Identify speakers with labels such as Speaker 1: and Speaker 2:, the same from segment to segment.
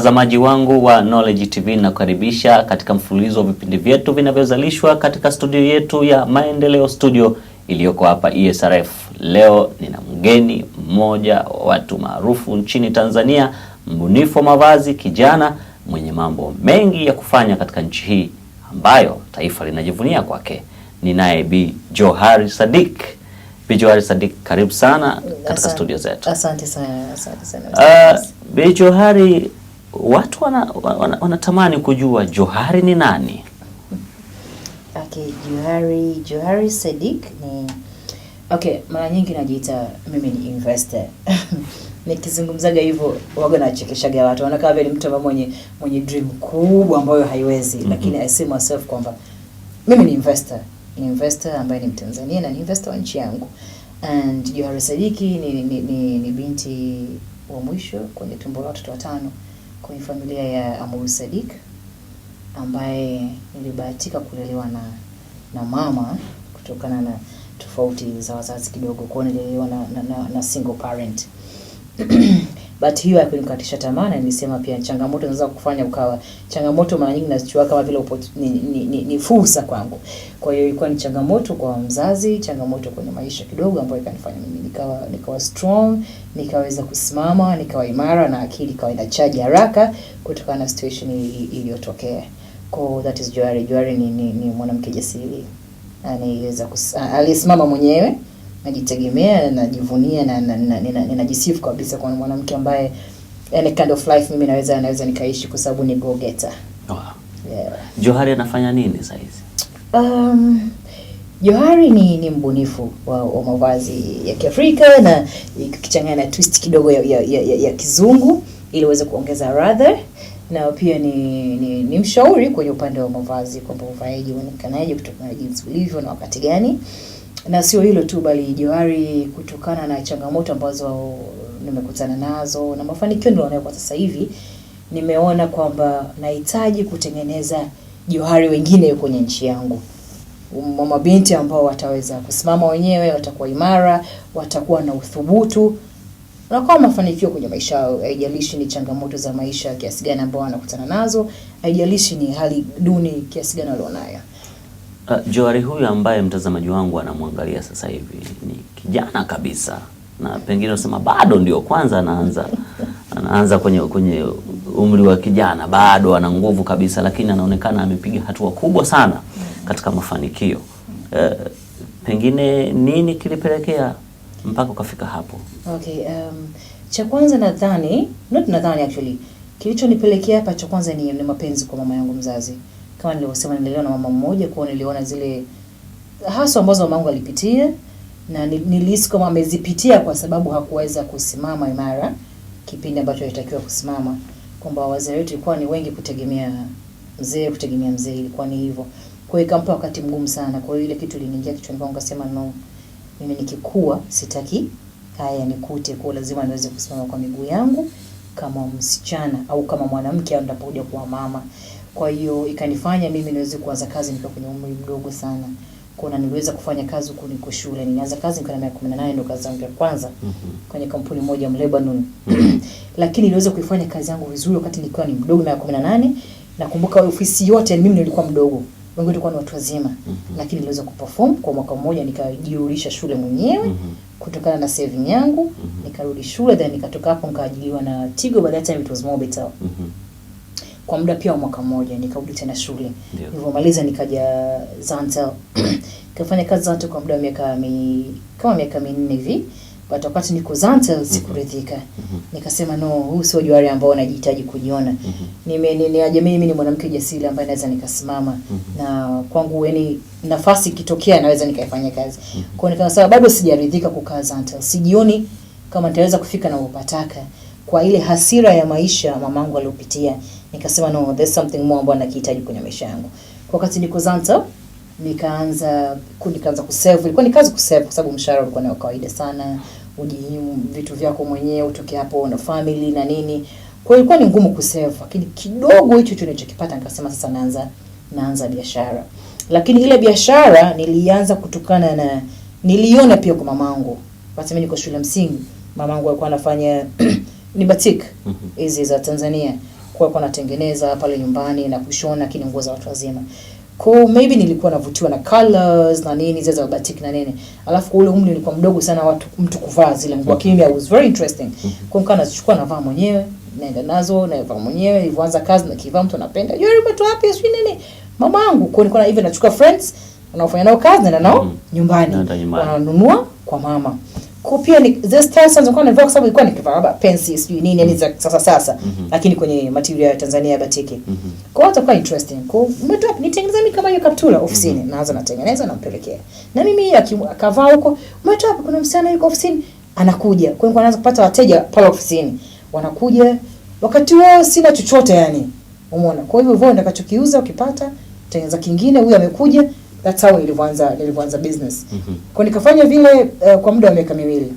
Speaker 1: Mtazamaji wangu wa Knowledge TV nakukaribisha katika mfululizo wa vipindi vyetu vinavyozalishwa katika studio yetu ya Maendeleo Studio iliyoko hapa ESRF. Leo nina mgeni mmoja wa watu maarufu nchini Tanzania, mbunifu wa mavazi, kijana mwenye mambo mengi ya kufanya katika nchi hii ambayo taifa linajivunia kwake. Ninaye Bi Johari Sadik. Bi Johari Sadik, karibu sana katika studio zetu.
Speaker 2: Asante sana, asante
Speaker 1: sana. Uh, Bi Johari watu wanatamani wana, wana kujua Johari ni nani?
Speaker 2: Okay, Johari, Johari Sadik ni okay, mara nyingi najiita mimi ni investor nikizungumzaga hivyo waga nachekeshaga watu wanakaa vile mtu ambaye mwenye mwenye dream kubwa ambayo haiwezi mm -hmm. Lakini I see myself kwamba mimi ni investor, ni investor ambaye ni Mtanzania na ni investor wa nchi yangu and Johari Sadiki ni, ni, ni, ni binti wa mwisho kwenye tumbo la watoto watano kwenye familia ya Amuru Sadik ambaye nilibahatika kulelewa na na mama kutokana na tofauti za wazazi kidogo, kwa nilelewa na, na, na, na single parent but hiyo hakunikatisha tamaa, na nilisema pia changamoto zinaweza kufanya ukawa changamoto. Mara nyingi nazichukua kama vile upo, ni, ni, ni, ni fursa kwangu. Kwa hiyo ilikuwa ni changamoto kwa mzazi, changamoto kwenye maisha kidogo, ambayo ikanifanya mimi nikawa nikawa strong, nikaweza kusimama, nikawa imara na akili ikawa inachaji haraka kutokana na situation iliyotokea. Kwa that is Johari. Johari ni, ni, ni mwanamke jasiri anayeweza aliyesimama mwenyewe najitegemea, najivunia na ninajisifu kabisa kwa mwanamke ambaye yani kind of life mimi naweza naweza nikaishi kwa sababu ni go getter. Wow.
Speaker 1: Yeah. Johari anafanya nini sasa hizi? Um,
Speaker 2: Johari ni, ni mbunifu wa, wa mavazi ya Kiafrika na ukichanganya na twist kidogo ya, ya, ya, ya kizungu ili uweze kuongeza radha na pia ni, ni, ni mshauri kwenye upande wa mavazi kwamba uvaeje uonekanaje kutokana na jinsi ulivyo na wakati gani na sio hilo tu, bali Johari, kutokana na changamoto ambazo nimekutana nazo na mafanikio nilionayo kwa sasa hivi, nimeona kwamba nahitaji kutengeneza Johari wengine kwenye nchi yangu, mabinti ambao wataweza kusimama wenyewe, watakuwa imara, watakuwa na uthubutu kwa mafanikio kwenye maisha yao. Haijalishi ni changamoto za maisha kiasi gani ambao wanakutana nazo, haijalishi ni hali duni kiasi gani walionayo.
Speaker 1: Uh, Johari huyu ambaye mtazamaji wangu anamwangalia sasa hivi ni kijana kabisa, na pengine unasema bado ndio kwanza anaanza anaanza kwenye kwenye umri wa kijana, bado ana nguvu kabisa, lakini anaonekana amepiga hatua kubwa sana katika mafanikio. Uh, pengine nini kilipelekea mpaka ukafika hapo?
Speaker 2: Okay, um, cha kwanza nadhani, not nadhani actually, kilichonipelekea hapa cha kwanza ni, ni mapenzi kwa mama yangu mzazi kama nilivyosema, nililelewa na mama mmoja, kwa niliona zile haso ambazo mamangu alipitia na nilihisi kama amezipitia kwa sababu hakuweza kusimama imara kipindi ambacho alitakiwa kusimama, kwamba wazee wetu ilikuwa ni wengi kutegemea mzee, kutegemea mzee, ilikuwa ni hivyo. Kwa hiyo ikampa wakati mgumu sana. Kwa hiyo ile kitu iliniingia kichwani kwangu, kasema no, mimi nikikua sitaki haya nikute, kwa lazima niweze kusimama kwa miguu yangu kama msichana au kama mwanamke, au ndapokuja kuwa mama. Kwa hiyo ikanifanya mimi niweze kuanza kazi nikiwa kwenye umri mdogo sana. Kuna niliweza kufanya kazi huko niko shule. Nilianza kazi nikiwa na miaka 18 ndio kazi yangu ya kwanza mm -hmm. kwenye kampuni moja Lebanon. Mhm. Lakini niliweza kuifanya kazi yangu vizuri wakati nilikuwa ni mdogo na 18. Nakumbuka ofisi yote mimi nilikuwa mdogo. Wengi walikuwa ni watu wazima. Mm -hmm. Lakini niliweza kuperform kwa mwaka mmoja nikajiulisha shule mwenyewe mm -hmm. kutokana na saving yangu mm -hmm. nikarudi shule then nikatoka hapo nikaajiliwa na Tigo baada ya time it was more better. Mm -hmm kwa muda pia wa mwaka mmoja, nikarudi tena shule. Nilipomaliza nikaja Zanta nikafanya kazi Zanta kwa muda wa miaka mi, kama miaka minne hivi but wakati niko Zanta mhm. sikuridhika. mm -hmm. Nikasema no, huu sio juari ambao najihitaji kujiona. mm -hmm. Nimejiamini mimi ni mwanamke jasiri ambaye naweza nikasimama. mm -hmm. na kwangu yani nafasi ikitokea naweza nikaifanya kazi. mm -hmm. Kwa hiyo nikasema bado sijaridhika kukaa Zanta, sijioni kama nitaweza kufika na upataka kwa ile hasira ya maisha mamangu aliyopitia Nikasema no, there's something more ambayo nakihitaji kwenye maisha yangu. Kwa wakati niko Zanzibar nikaanza nikaanza kuserve. Ilikuwa ni kazi kuserve kwa sababu mshahara ulikuwa ni wa kawaida sana, ujihimu vitu vyako mwenyewe, utoke hapo na family na nini. Kwa hiyo ilikuwa ni ngumu kuserve, lakini kidogo hicho hicho nilichokipata nikasema sasa naanza naanza biashara. Lakini ile biashara nilianza kutokana na niliona pia kwa mamangu. Wakati mimi niko shule msingi, mamangu alikuwa anafanya ni batik mhm. hizi za Tanzania kwa hiyo natengeneza pale nyumbani na kushona kini nguo za watu wazima. Kwa maybe nilikuwa navutiwa na colors na nini zile za batik na nini. Alafu ule umri nilikuwa mdogo sana watu mtu kuvaa zile nguo. mm -hmm. kimya was very interesting. Mm -hmm. Kwa hiyo nazichukua navaa mwenyewe, naenda nazo, navaa mwenyewe, nilianza kazi na kivaa mtu anapenda. Yule Yeye umetoa wapi sio nini? Mama yangu kwa nilikuwa na even nachukua friends, wanaofanya nao kazi na nao mm -hmm. nyumbani. Wananunua kwa mama kupia ni the stars zilikuwa na vox sababu ilikuwa nikivaa kivaa pensi sijui nini yani za mhm. sasa sasa mm -hmm. lakini kwenye material ya Tanzania ya batiki mm -hmm. kwa hiyo kwa interesting kwa umetoa nitengeneza mimi kama hiyo kaptula ofisini mm -hmm. naanza natengeneza na mpelekea na mimi akavaa huko mtu hapo kuna msichana yuko ofisini anakuja kwa hiyo anaanza kupata wateja pale ofisini wanakuja wakati wao sina chochote yani umeona kwa hivyo hivyo ndio ukiuza ukipata tengeneza kingine huyu amekuja That's how nilivyoanza nilivyoanza business. Mm -hmm. Kwa nikafanya vile uh, kwa muda wa miaka miwili.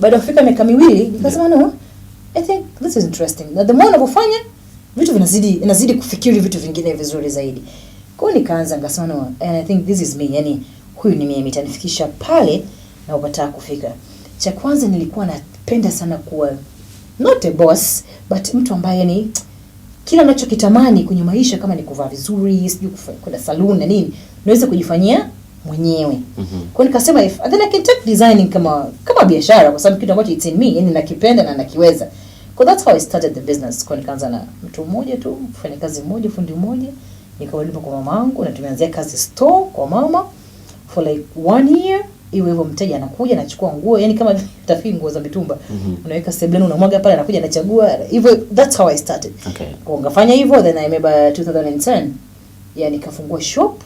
Speaker 2: Baada ya kufika miaka miwili nikasema yeah. No, I think this is interesting. Na the more ninavyofanya vitu vinazidi inazidi kufikiri vitu vingine vizuri zaidi. Kwa nikaanza nikasema no, and I think this is me. yani huyu ni mimi itanifikisha pale na upata kufika. Cha kwanza nilikuwa napenda sana kuwa not a boss but mtu ambaye ni kila ninachokitamani kwenye maisha, kama ni kuvaa vizuri, sijui kwenda saluni na nini, naweza kujifanyia mwenyewe. Mm -hmm. Kwa nikasema if and then I can take designing kama kama biashara kwa sababu kitu ambacho it's in me, yani nakipenda na nakiweza. So that's how I started the business. Kwa nikaanza na mtu mmoja tu, mfanya kazi mmoja, fundi mmoja, nikawalipa kwa mama yangu na tumeanzia kazi store kwa mama for like one year iwe hivyo, mteja anakuja anachukua nguo, yani kama tafii nguo za mitumba mm -hmm. unaweka sebleni, unamwaga pale, anakuja anachagua hivyo. That's how I started. Okay, kwa ngafanya hivyo, then I meba 2010 yani kafungua shop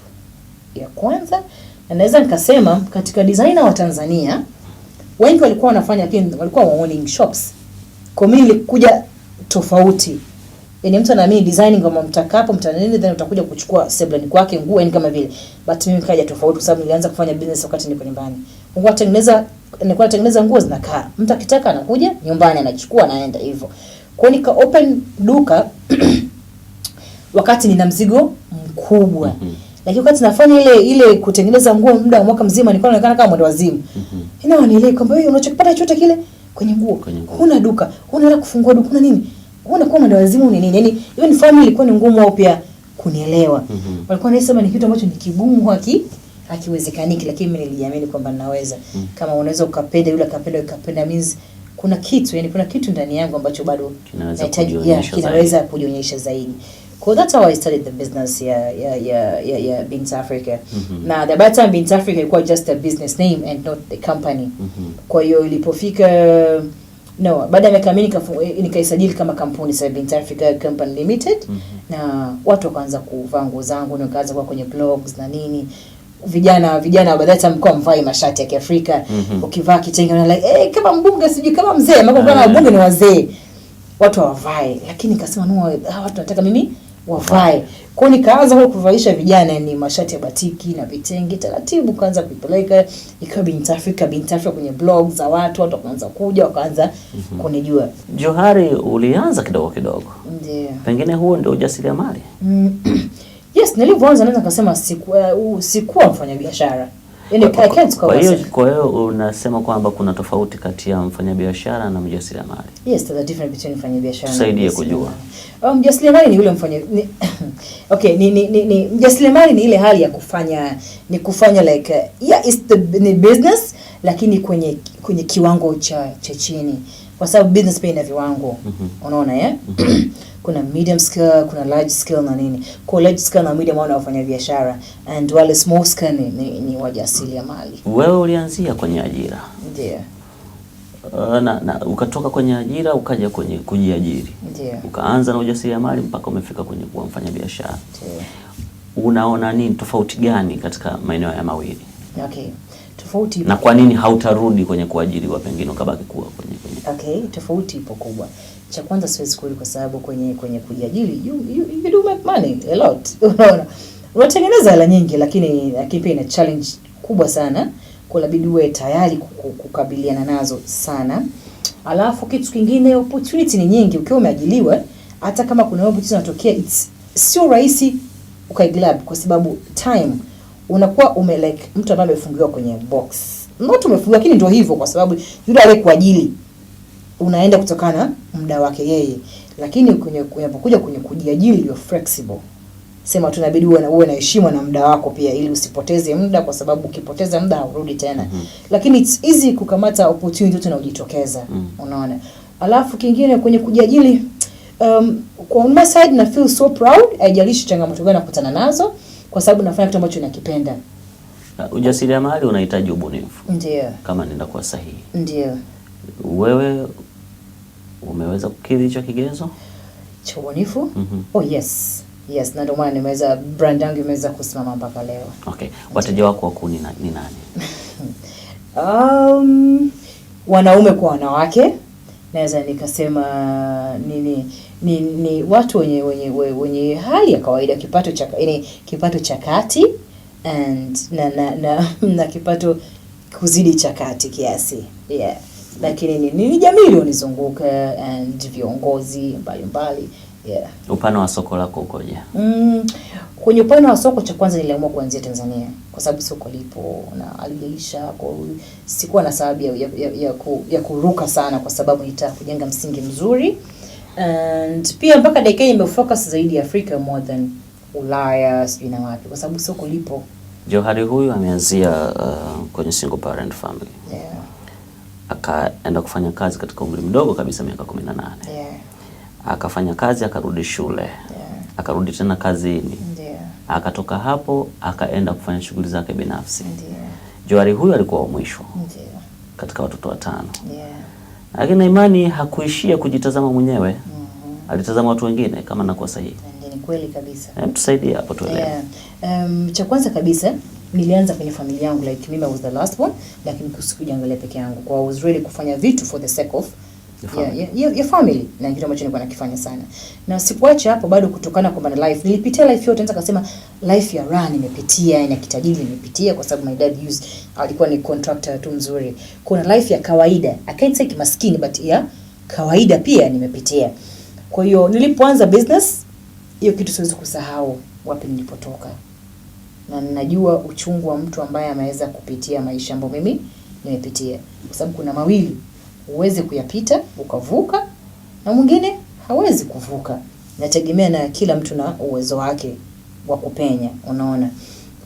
Speaker 2: ya kwanza, na naweza nikasema katika designer wa Tanzania wengi walikuwa wanafanya pia walikuwa wa owning shops, kwa mimi nilikuja tofauti yani mtu anaamini design kama mtakapo mtanini, then utakuja kuchukua sebla ni kwake nguo, yani kama vile. But mimi kaja tofauti, kwa sababu nilianza kufanya business wakati niko nyumbani, nguo tengeneza nilikuwa natengeneza nguo zinakaa, mtu akitaka anakuja nyumbani anachukua anaenda hivyo. Kwa nika open duka wakati nina mzigo mkubwa mm -hmm. Lakini wakati nafanya ile ile kutengeneza nguo muda wa mwaka mzima nilikuwa naonekana kama mwenda wazimu. Mm -hmm. Inaonelea kwamba wewe unachokipata chote kile kwenye nguo. Huna duka, huna hela kufungua duka, huna nini? Unaona kwa mwenda wazimu ni nini? Yaani hiyo ni ilikuwa ni ngumu au pia kunielewa. Mm -hmm. Walikuwa wanasema ni kitu ambacho ni kigumu haki hakiwezekaniki, lakini mimi niliamini kwamba naweza. Mm -hmm. Kama unaweza ukapenda yule akapenda ukapenda means kuna kitu yani, kuna kitu ndani yangu ambacho bado
Speaker 1: kinaweza kujionyesha zaidi.
Speaker 2: Kwa that's how I started the business ya ya ya ya, ya Bint Africa. Mm -hmm. Na the bad time Bint Africa ilikuwa just a business name and not the company. Mm -hmm. Kwa hiyo ilipofika uh, no, baada ya miaka mingi eh, nikaisajili kama kampuni sasa Africa Company Limited mm -hmm. na watu wakaanza kuvaa nguo zangu, nikaanza kuwa kwenye blogs na nini vijana vijana baadaye mkoa mvai mashati ya Kiafrika mm -hmm. ukivaa kitenge na like eh, kama mbunge sijui kama mzee, maana kwa ah, mbunge ni wazee, watu hawavai, lakini nikasema nua watu nataka mimi wavae. Kwa hiyo huko kuvalisha vijana ni mashati ya batiki na vitenge taratibu, kaanza kuipeleka ikawa Binti Afrika, Binti Afrika kwenye blog za watu, watu wakaanza kuja wakaanza mm -hmm. kunijua.
Speaker 1: Johari, ulianza kidogo kidogo, ndio pengine huo ndio ujasiriamali. Mm.
Speaker 2: Yes, nilivyoanza naweza kusema sikuwa eh, uh, sikuwa mfanyabiashara Yaani,
Speaker 1: kwa hiyo kwa hiyo unasema kwamba kuna tofauti kati ya mfanyabiashara na mjasiriamali.
Speaker 2: Yes, there's a difference between mfanyabiashara
Speaker 1: na mjasiriamali. Tusaidie kujua.
Speaker 2: Oh, mjasiriamali ni yule mfanya ni, okay, ni ni, ni, ni mjasiriamali ni ile hali ya kufanya ni kufanya like uh, yeah, it's the ni business lakini kwenye kwenye kiwango cha cha chini. Kwa sababu business pia ina viwango. Mm -hmm. Unaona eh? Mm -hmm. kuna medium scale, kuna large scale na nini. Kwa large scale na medium wao wanafanya biashara and wale small scale ni, ni, ni wajasiriamali.
Speaker 1: Wewe ulianzia kwenye ajira ndio, yeah. Uh, na, na ukatoka kwenye ajira ukaja kwenye kujiajiri yeah. Ukaanza na ujasiriamali mpaka umefika kwenye kuwa mfanya biashara. yeah. Unaona nini tofauti gani katika maeneo ya mawili?
Speaker 2: Okay tofauti
Speaker 1: na kwa nini hautarudi kwenye kuajiriwa, pengine ukabaki kuwa kwenye, kwenye.
Speaker 2: Okay, tofauti ipo kubwa. Cha kwanza siwezi kuli kwa sababu kwenye kwenye kujiajiri you, you, you do make money a lot unaona unatengeneza hela nyingi, lakini lakini pia ina challenge kubwa sana kwa labidi uwe tayari kukabiliana nazo sana. Alafu kitu kingine, opportunity ni nyingi ukiwa umeajiliwa, hata kama kuna opportunity zinatokea, it's sio rahisi ukaiglab kwa sababu time unakuwa ume like mtu ambaye amefungiwa kwenye box, not umefungiwa, lakini ndio hivyo, kwa sababu yule aliyekuajiri unaenda kutokana muda wake yeye, lakini kwenye unapokuja kwenye kujiajili you flexible. Sema tunabidi uwe na uwe na heshima na muda wako pia, ili usipoteze muda, kwa sababu ukipoteza muda haurudi tena. mm -hmm. Lakini it's easy kukamata opportunity zote na ujitokeza. mm -hmm. Unaona, alafu kingine kwenye kujiajili um, kwa on my side na feel so proud, haijalishi changamoto gani nakutana nazo kwa sababu nafanya kitu ambacho nakipenda.
Speaker 1: Uh, ujasiriamali unahitaji ubunifu. Ndio. Kama nenda kuwa sahihi. Ndio. Wewe umeweza kukidhi hicho kigezo
Speaker 2: cha ubunifu? mm -hmm. Oh, yes yes, na ndio maana nimeweza brand yangu imeweza kusimama mpaka leo.
Speaker 1: Okay, wateja wako wakuu ni nani?
Speaker 2: Um, wanaume kwa wanawake naweza nikasema nini ni, ni watu wenye wenye wenye hali ya kawaida kipato cha yani kipato cha kati and na na, na, na kipato kuzidi cha kati kiasi yeah. Lakini ni, ni jamii iliyonizunguka and viongozi mbalimbali yeah.
Speaker 1: Upana wa soko lako ukoje? Mm,
Speaker 2: kwenye upano wa soko, cha kwanza niliamua kuanzia Tanzania kwa sababu soko lipo na alijaisha, kwa sikuwa na sababu ya, ya, ya, ya, ku, ya kuruka sana, kwa sababu nitaka kujenga msingi mzuri and pia mpaka dakika hii imefocus zaidi Afrika more than Ulaya sijui na wapi, kwa sababu soko lipo.
Speaker 1: Johari huyu ameanzia uh, kwenye single parent family yeah. Akaenda kufanya kazi katika umri mdogo kabisa miaka 18 yeah. Akafanya kazi akarudi shule yeah. Akarudi tena kazini yeah. Akatoka hapo akaenda kufanya shughuli zake binafsi yeah. Johari huyu alikuwa wa mwisho yeah. Katika watoto watano yeah. Lakini Naimani hakuishia kujitazama mwenyewe mm -hmm. Alitazama watu wengine kama nakuwa sahihi.
Speaker 2: Ni kweli kabisa.
Speaker 1: Eh, tusaidie hapo tuelewe. Yeah.
Speaker 2: Um, cha kwanza kabisa nilianza kwenye familia yangu like mimi was the last one, lakini sikujiangalia peke yangu. Kwa I was really kufanya vitu for the sake of ya, family na kitu ambacho nilikuwa nakifanya sana, na sikuacha hapo bado, kutokana kwa maana life nilipitia life yote, naweza kusema life ya run nimepitia, na yaani kitajiri nimepitia, kwa sababu my dad used alikuwa ni contractor tu mzuri. Kuna life ya kawaida, I can't say kimaskini, but ya kawaida pia nimepitia. Kwa hiyo nilipoanza business hiyo, kitu siwezi kusahau wapi nilipotoka, na ninajua uchungu wa mtu ambaye ameweza kupitia maisha ambayo mimi nimepitia, kwa sababu kuna mawili uweze kuyapita ukavuka, na mwingine hawezi kuvuka. Nategemea na kila mtu na uwezo wake wa kupenya, unaona.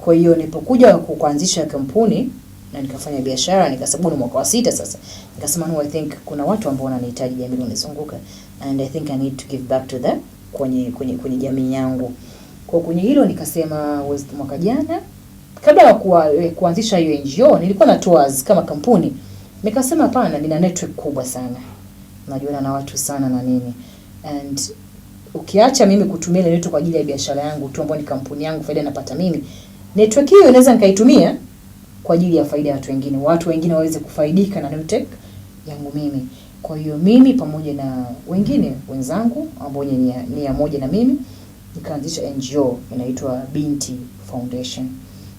Speaker 2: Kwa hiyo nilipokuja kuanzisha kampuni na nikafanya biashara, nikasabu ni mwaka wa sita sasa, nikasema no, I think kuna watu ambao wananihitaji, jamii wanizunguka, and I think I need to give back to the kwenye kwenye kwenye jamii yangu. Kwa kwenye hilo nikasema mwaka jana kabla ya eh, kuanzisha hiyo NGO nilikuwa na tours kama kampuni Nikasema hapana, nina network kubwa sana, najuana na watu sana na nini and ukiacha mimi kutumia ile network kwa ajili ya biashara yangu tu ambayo ni kampuni yangu, faida napata mimi, network hiyo inaweza nikaitumia kwa ajili ya faida ya watu wengine, watu wengine waweze kufaidika na network yangu mimi. Kwa hiyo mimi pamoja na wengine wenzangu ambao ni ni ya moja na mimi nikaanzisha NGO inaitwa Binti Foundation.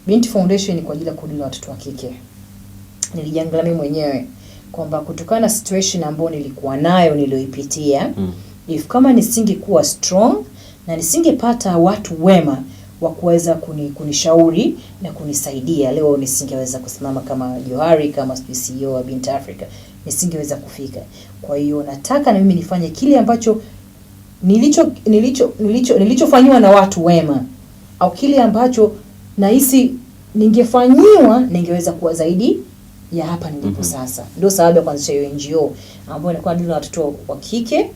Speaker 2: Binti Foundation ni kwa ajili ya kulinda watoto wa kike nilijiangalia mimi mwenyewe kwamba kutokana na situation ambayo nilikuwa nayo niliyoipitia, mm. if kama nisingekuwa strong na nisingepata watu wema wa kuweza kuni, kunishauri na kunisaidia, leo nisingeweza kusimama kama Johari, kama CEO wa Bint Africa, nisingeweza kufika. Kwa hiyo nataka na mimi nifanye kile ambacho nilicho nilicho nilicho nilichofanywa na watu wema au kile ambacho nahisi ningefanyiwa ningeweza kuwa zaidi ya hapa nilipo mhm. sasa. Ndio sababu ya kuanzisha hiyo NGO ambayo inakuwa ndio watoto wa kike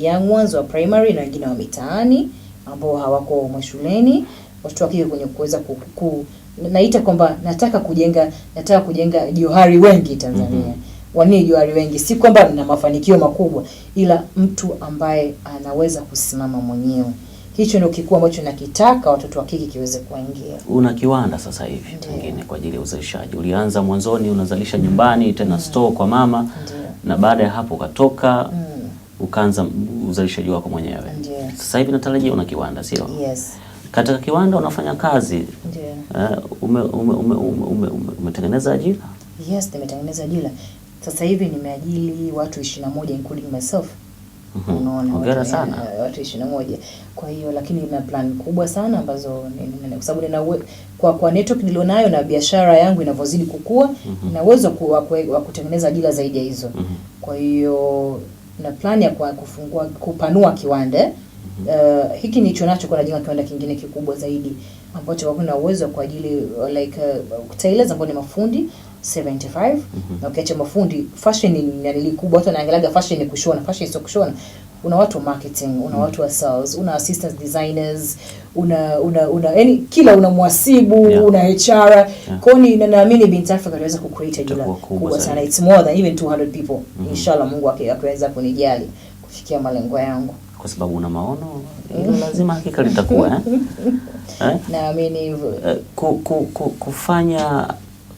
Speaker 2: young ones wa primary na wengine wa mitaani ambao hawako mashuleni, watoto wa kike kwenye kuweza ku naita kwamba nataka kujenga nataka kujenga johari wengi Tanzania. mm -hmm. Wanie johari wengi, si kwamba na mafanikio makubwa, ila mtu ambaye anaweza kusimama mwenyewe hicho ndio kikuu ambacho nakitaka watoto wa kike kiweze kuingia.
Speaker 1: Una kiwanda sasa hivi pengine kwa ajili ya uzalishaji, ulianza mwanzoni unazalisha nyumbani tena mm. store kwa mama Ndiyo. na baada ya hapo ukatoka mm. ukaanza uzalishaji wako mwenyewe. Sasa hivi natarajia una kiwanda, sio? Yes. Katika kiwanda unafanya kazi uh, eh, umetengeneza ume, ume, ume, ume, ume ajira?
Speaker 2: Yes, nimetengeneza ajira. Sasa hivi nimeajili watu 21 including myself Mhm. unaona
Speaker 1: hongera sana
Speaker 2: watu ishirini na moja. Kwa hiyo lakini na plan kubwa sana ambazo kwa sababu nina kwa kwa network nilionayo na biashara yangu inavyozidi kukua mm na uwezo wa kutengeneza ajira zaidi ya hizo mhm. kwa hiyo na plan ya kwa kufungua kupanua kiwanda Uh, mhm. eh, hiki nicho nacho kwa najenga kiwanda kingine kikubwa zaidi ambacho na uwezo kwa ajili like uh, tailors ambao ni mafundi 75 mhm. na ukiacha mafundi, fashion ni nani kubwa, watu wanaangalaga fashion ni kushona. Fashion sio kushona, una watu wa marketing, una mhm. watu wa sales, una assistant designers, una una una yani kila una mwasibu yeah. una HR yeah. kwa hiyo naamini Binti Africa anaweza ku create ajira kubwa sana, it's more than even 200 people mm -hmm. Inshallah Mungu akiweza kunijali kufikia malengo yangu
Speaker 1: kwa sababu una maono mm. lazima hakika litakuwa eh?
Speaker 2: eh? Naamini hivyo
Speaker 1: eh, ku, ku, ku, kufanya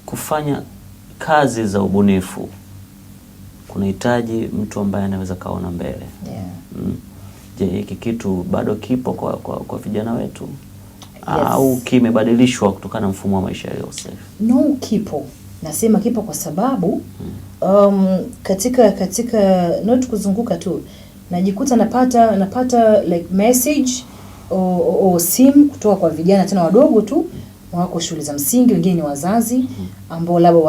Speaker 1: kufanya kazi za ubunifu kunahitaji mtu ambaye anaweza kaona mbele
Speaker 2: yeah. mm.
Speaker 1: Je, hiki kitu bado kipo kwa, kwa, kwa vijana wetu yes. au kimebadilishwa kutokana na mfumo wa maisha yaliyosasa?
Speaker 2: No, kipo nasema kipo kwa sababu mm. um, katika katika not kuzunguka tu najikuta napata napata like message o simu kutoka kwa vijana tena wadogo tu mm wako shule za msingi, wengine ni wazazi ambao labda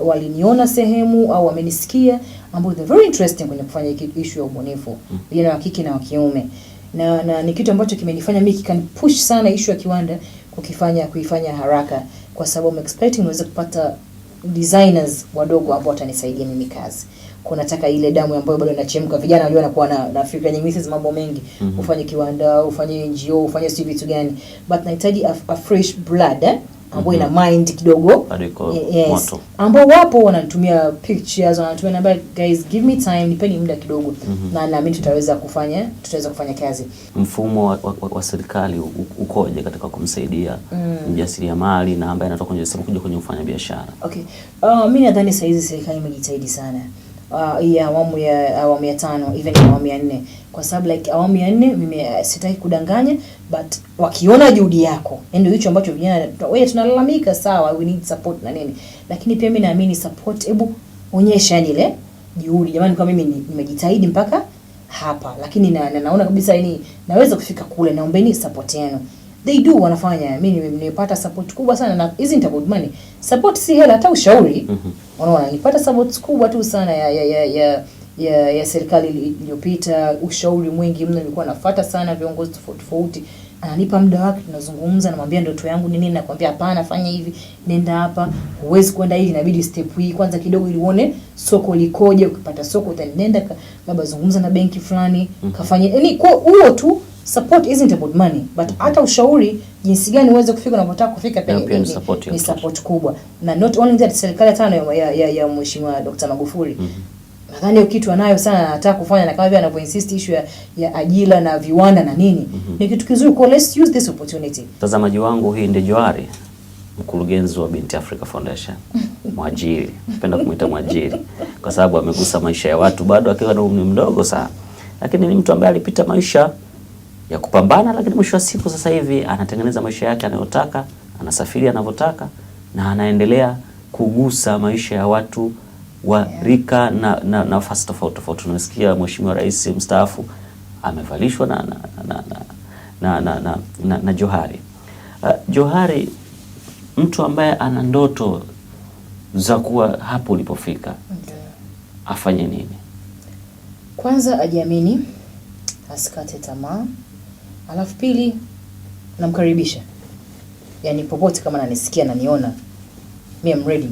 Speaker 2: waliniona wali sehemu au wamenisikia, ambao they're very interesting kwenye kufanya issue ya ubunifu, vijana wa kike na wa kiume, na na ni kitu ambacho kimenifanya mimi kikan push sana issue ya kiwanda kukifanya kuifanya haraka, kwa sababu I'm expecting niweze kupata designers wadogo ambao watanisaidia mimi kazi kunataka ile damu ambayo bado inachemka. Vijana wajua anakuwa na, na fikra nyingi sisi mambo mengi mm -hmm. ufanye kiwanda ufanye NGO ufanye si vitu gani, but nahitaji a, a fresh blood eh? ambayo mm -hmm. ina mhm. mind kidogo yes, ambao wapo wanatumia pictures wanatumia namba, guys give me time, nipeni muda kidogo mm -hmm. na naamini tutaweza kufanya tutaweza kufanya kazi.
Speaker 1: Mfumo wa, wa, wa serikali ukoje katika kumsaidia mm. mjasiriamali na ambaye anatoka kwenye sababu kuja kwenye biashara?
Speaker 2: Okay, uh, mimi nadhani hizi serikali imejitahidi sana uh, awamu ya awamu ya tano even awamu ya nne, kwa sababu like awamu ya nne mimi eh, sitaki kudanganya, but wakiona juhudi yako, yani hicho ambacho vijana wewe, tunalalamika sawa, we need support na nini, lakini pia mimi naamini support, hebu onyesha yani ile juhudi. Jamani, kwa mimi nimejitahidi mpaka hapa, lakini na, na naona kabisa yani naweza kufika kule, naombeni support yenu they do wanafanya. Mimi nimepata support kubwa sana na hizi ni about money. Support si hela, hata ushauri. mm Unaona, nipata support kubwa tu sana ya ya ya, ya ya, ya serikali iliyopita, ushauri mwingi mno. Nilikuwa nafuata sana viongozi tofauti tofauti, ananipa muda wake, tunazungumza, namwambia ndoto yangu ni nini, nakwambia hapana, fanya hivi, nenda hapa, huwezi kwenda hili, inabidi step hii kwanza kidogo, ili uone soko likoje. Ukipata soko utanenda, labda zungumza na benki fulani, mm -hmm. kafanya yani, kwa huo tu support isn't about money but mm-hmm. hata ushauri jinsi gani uweze kufika na unapotaka kufika pia ni support, ni support kubwa, na not only that serikali tano ya, ya, ya ya Mheshimiwa Dr. Magufuli mm -hmm. nadhani hiyo kitu anayo sana anataka kufanya, na kama vile anavyo insist issue ya, ya ajira na viwanda na nini mm -hmm. ni kitu kizuri kwa, let's use this opportunity.
Speaker 1: Mtazamaji wangu, hii ndio Johari, mkurugenzi wa Binti Africa Foundation mwajiri, napenda kumuita mwajiri kwa sababu amegusa maisha ya watu bado akiwa na umri mdogo sana, lakini ni mtu ambaye alipita maisha ya kupambana, lakini mwisho wa siku sasa hivi anatengeneza maisha yake anayotaka, anasafiri anavyotaka, na anaendelea kugusa maisha ya watu wa rika na na nafasi tofauti tofauti. Tunasikia Mheshimiwa Rais mstaafu amevalishwa na na na, na, na, na, na, na johari uh, johari, mtu ambaye ana ndoto za kuwa hapo ulipofika okay, afanye nini?
Speaker 2: Kwanza ajiamini, asikate tamaa. Alafu pili, namkaribisha yaani popote kama nanisikia naniona, mi am ready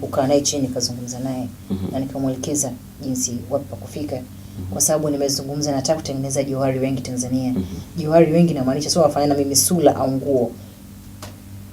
Speaker 2: kukaa naye chini nikazungumza naye mm -hmm. na nikamwelekeza jinsi wapi pa kufika mm -hmm. kwa sababu nimezungumza, nataka kutengeneza johari wengi Tanzania mm -hmm. johari wengi namaanisha sio wafanya na mimi sula au nguo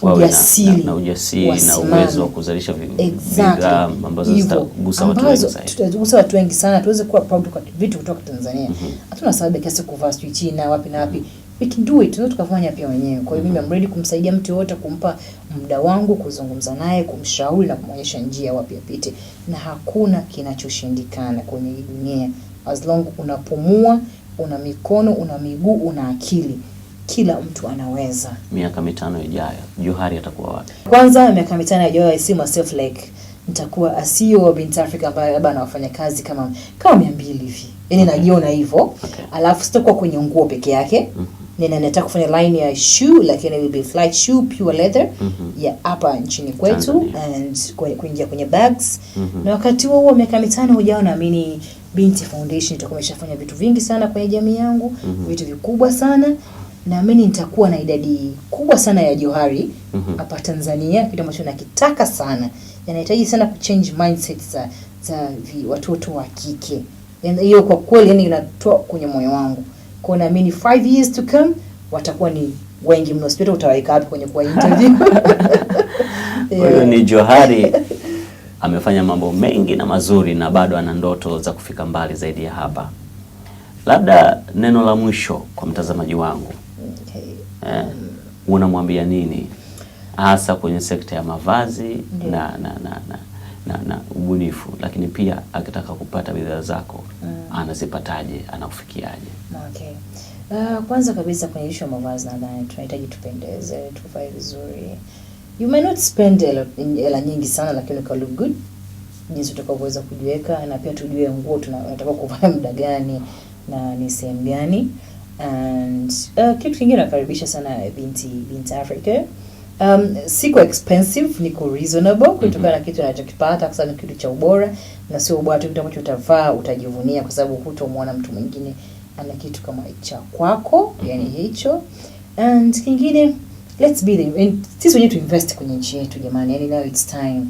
Speaker 1: ujasiri na ujasiri na uwezo wa kuzalisha bidhaa ambazo zitagusa
Speaker 2: watu wengi sana. Tutagusa watu wengi sana, tuweze kuwa proud kwa vitu kutoka Tanzania. Mhm. Hatuna mm -hmm. sababu kiasi kuvaa sijui China wapi na wapi. We can do it, tunaweza tukafanya pia wenyewe. Kwa hiyo mimi mhm. I'm ready kumsaidia mtu yoyote, kumpa muda wangu kuzungumza naye, kumshauri na kumwonyesha njia wapi apite, na hakuna kinachoshindikana kwenye hii dunia as long unapumua, una mikono, una miguu, una akili kila mtu anaweza.
Speaker 1: Miaka mitano ijayo Johari atakuwa wapi?
Speaker 2: Kwanza, miaka mitano ijayo I see myself like nitakuwa asio e binti Africa ambaye labda anawafanya kazi kama kama mia mbili hivi yani, okay. najiona hivyo okay. Alafu sitakuwa kwenye nguo peke yake mm -hmm. Nina nataka kufanya line ya shoe lakini like, it will be flight shoe pure leather mm -hmm. ya hapa nchini kwetu and kuingia kwenye bags mm -hmm. na wakati huo huo miaka mitano ujao naamini Binti Foundation itakuwa imeshafanya vitu vingi sana kwenye jamii yangu mm -hmm. vitu vikubwa sana naamini nitakuwa na idadi kubwa sana ya johari mhm. hapa mm -hmm. Tanzania, kitu ambacho nakitaka sana, yanahitaji sana kuchange mindset za za watoto wa kike. Yaani hiyo kwa kweli, yani inatoa kwenye moyo wangu, kwa naamini 5 years to come watakuwa ni wengi mno. Sijui utaweka wapi kwenye kwa interview
Speaker 1: huyo ni johari amefanya mambo mengi na mazuri na bado ana ndoto za kufika mbali zaidi ya hapa. Labda neno la mwisho kwa mtazamaji wangu eh, unamwambia nini hasa kwenye sekta ya mavazi na, na, na, na, na, na ubunifu, lakini pia akitaka kupata bidhaa zako mm. anazipataje, anakufikiaje?
Speaker 2: Okay. Uh, kwanza kabisa kwenye issue ya mavazi nadhani tunahitaji tupendeze, tuvae vizuri. You may not spend hela nyingi sana, lakini uka look good, jinsi utakavyoweza kujiweka, na pia tujue nguo tunataka kuvaa muda gani na ni sehemu gani and uh, kitu kingine nakaribisha sana eh, binti binti Africa. Um, siko expensive, niko reasonable kutokana na mhm. kitu anachokipata, kwa sababu kitu cha ubora na sio ubwatu, kitu ambacho utavaa utajivunia, kwa sababu hutomwona mtu mwingine ana kitu kama cha kwako, yani mhm. hicho. And kingine let's be the sisi wenyewe tu invest kwenye nchi yetu jamani, yani now it's time.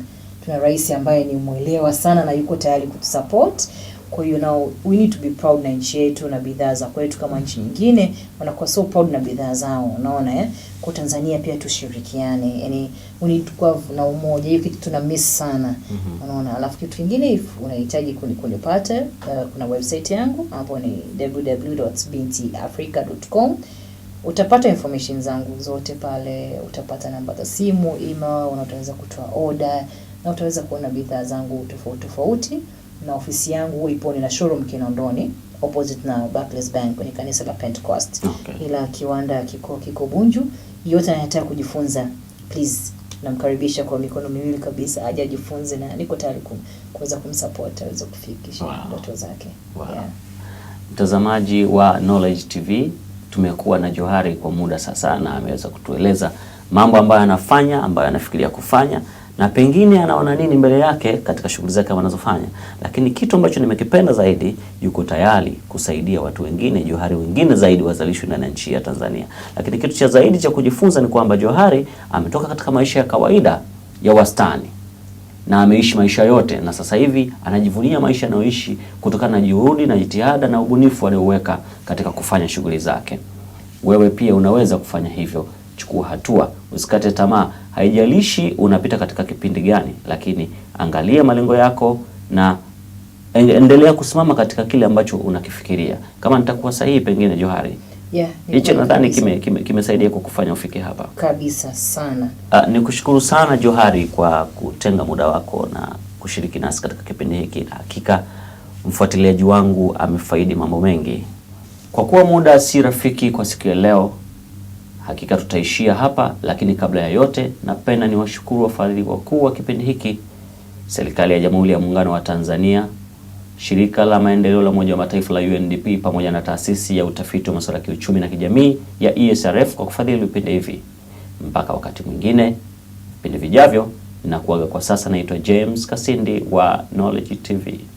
Speaker 2: Tuna rais ambaye ni mwelewa sana na yuko tayari kutusupport kwa hiyo nao we need to be proud na nchi yetu na bidhaa za kwetu, kama nchi nyingine wanakuwa so proud na bidhaa zao, unaona eh? Kwa Tanzania pia tushirikiane, yani we need kuwa na umoja. Hiyo kitu tuna miss sana, mhm. unaona. Alafu kitu kingine, if unahitaji kunipata, uh, kuna website yangu hapo ni www.bintiafrica.com utapata information zangu zote pale, utapata namba za simu, email, unaweza kutoa order na utaweza kuona bidhaa zangu tofauti tofauti na ofisi yangu huwa ipo na showroom Kinondoni opposite na Barclays Bank kwenye kanisa la Pentecost. Okay. Ila kiwanda kiko kiko Bunju. Yote anayetaka kujifunza please namkaribisha kwa mikono miwili kabisa aje ajifunze na niko tayari kuweza kumsupport aweze kufikisha
Speaker 1: ndoto wow. zake. Wow. Yeah. Mtazamaji wa Knowledge TV tumekuwa na Johari kwa muda sasa na ameweza kutueleza mambo ambayo anafanya ambayo anafikiria kufanya na pengine anaona nini mbele yake katika shughuli zake anazofanya, lakini kitu ambacho nimekipenda zaidi, yuko tayari kusaidia watu wengine, Johari wengine zaidi wazalishwe ndani ya nchi ya Tanzania. Lakini kitu cha zaidi cha kujifunza ni kwamba Johari ametoka katika maisha ya kawaida ya wastani na ameishi maisha yote, na sasa hivi anajivunia maisha anayoishi kutokana na juhudi na jitihada na ubunifu alioweka katika kufanya shughuli zake. Wewe pia unaweza kufanya hivyo chukua hatua, usikate tamaa. Haijalishi unapita katika kipindi gani, lakini angalia malengo yako na endelea kusimama katika kile ambacho unakifikiria. Kama nitakuwa sahihi, pengine Johari hicho yeah, nadhani kimesaidia kime, kime kukufanya ufike hapa
Speaker 2: kabisa sana.
Speaker 1: Uh, ni kushukuru sana Johari kwa kutenga muda wako na kushiriki nasi katika kipindi hiki, hakika mfuatiliaji wangu amefaidi mambo mengi. Kwa kuwa muda si rafiki kwa siku ya leo Hakika tutaishia hapa, lakini kabla ya yote, napenda niwashukuru wafadhili wakuu wa kipindi hiki, serikali ya Jamhuri ya Muungano wa Tanzania, shirika la maendeleo la Umoja wa Mataifa la UNDP, pamoja na taasisi ya utafiti wa masuala ya kiuchumi na kijamii ya ESRF kwa kufadhili vipindi hivi. Mpaka wakati mwingine, vipindi vijavyo, na kuaga kwa sasa, naitwa James Kasindi wa Knowledge TV.